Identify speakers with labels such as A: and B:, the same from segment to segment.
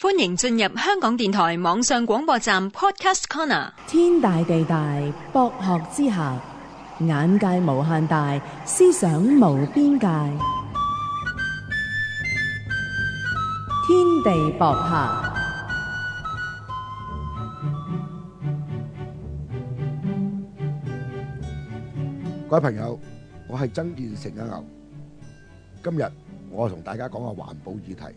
A: 歡迎進入香港電台網上廣播站 Podcast Corner。天大地大，博學之下，眼界無限大，思想無邊界。天地博客，各位朋友，我係曾建成嘅牛。今日我同大家講下環保議題。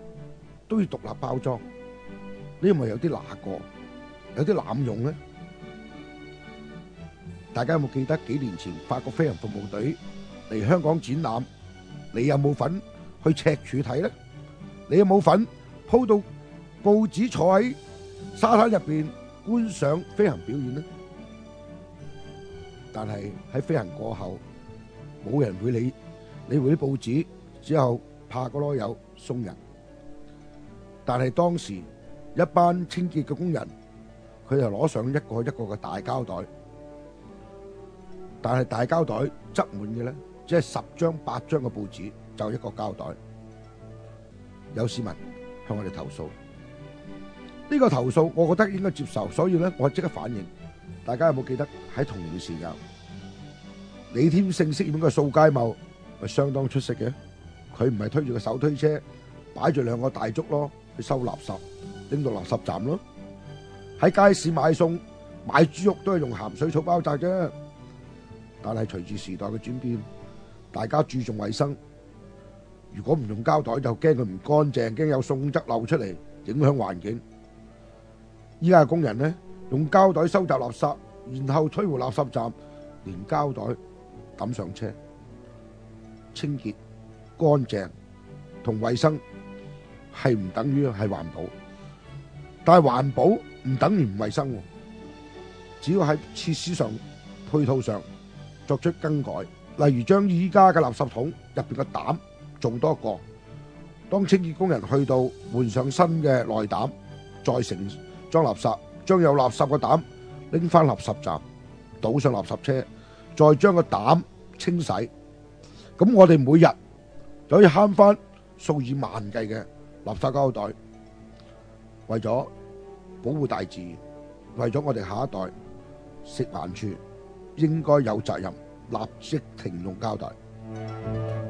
A: 都要獨立包裝，你唔係有啲拿過，有啲濫用呢？大家有冇記得幾年前法國飛行服務隊嚟香港展覽？你有冇份去赤柱睇呢？你有冇份鋪到報紙坐喺沙灘入邊觀賞飛行表演呢？但係喺飛行過後，冇人會理你，回啲報紙之後拍個囉柚送人。但係當時一班清潔嘅工人，佢就攞上一個一個嘅大膠袋，但係大膠袋執滿嘅咧，只係十張八張嘅報紙就一個膠袋。有市民向我哋投訴，呢個投訴我覺得應該接受，所以咧我即刻反映。大家有冇記得喺同段時間，李添勝飾演嘅掃街茂係相當出色嘅，佢唔係推住個手推車，擺住兩個大竹咯。收垃圾，拎到垃圾站咯。喺街市買餸、買豬肉都係用鹹水草包紮嘅。但係隨住時代嘅轉變，大家注重衛生。如果唔用膠袋，就驚佢唔乾淨，驚有餸汁漏出嚟，影響環境。依家嘅工人呢，用膠袋收集垃圾，然後推回垃圾站，連膠袋抌上車，清潔、乾淨同衛生。係唔等於係環保，但係環保唔等於唔衛生。只要喺設施上，配套上作出更改，例如將依家嘅垃圾桶入邊嘅膽做多一個，當清潔工人去到換上新嘅內膽，再盛裝垃圾，將有垃圾嘅膽拎翻垃圾站，倒上垃圾車，再將個膽清洗。咁我哋每日就可以慳翻數以萬計嘅垃圾膠袋，為咗保護大自然，為咗我哋下一代，食環署應該有責任立即停用膠袋。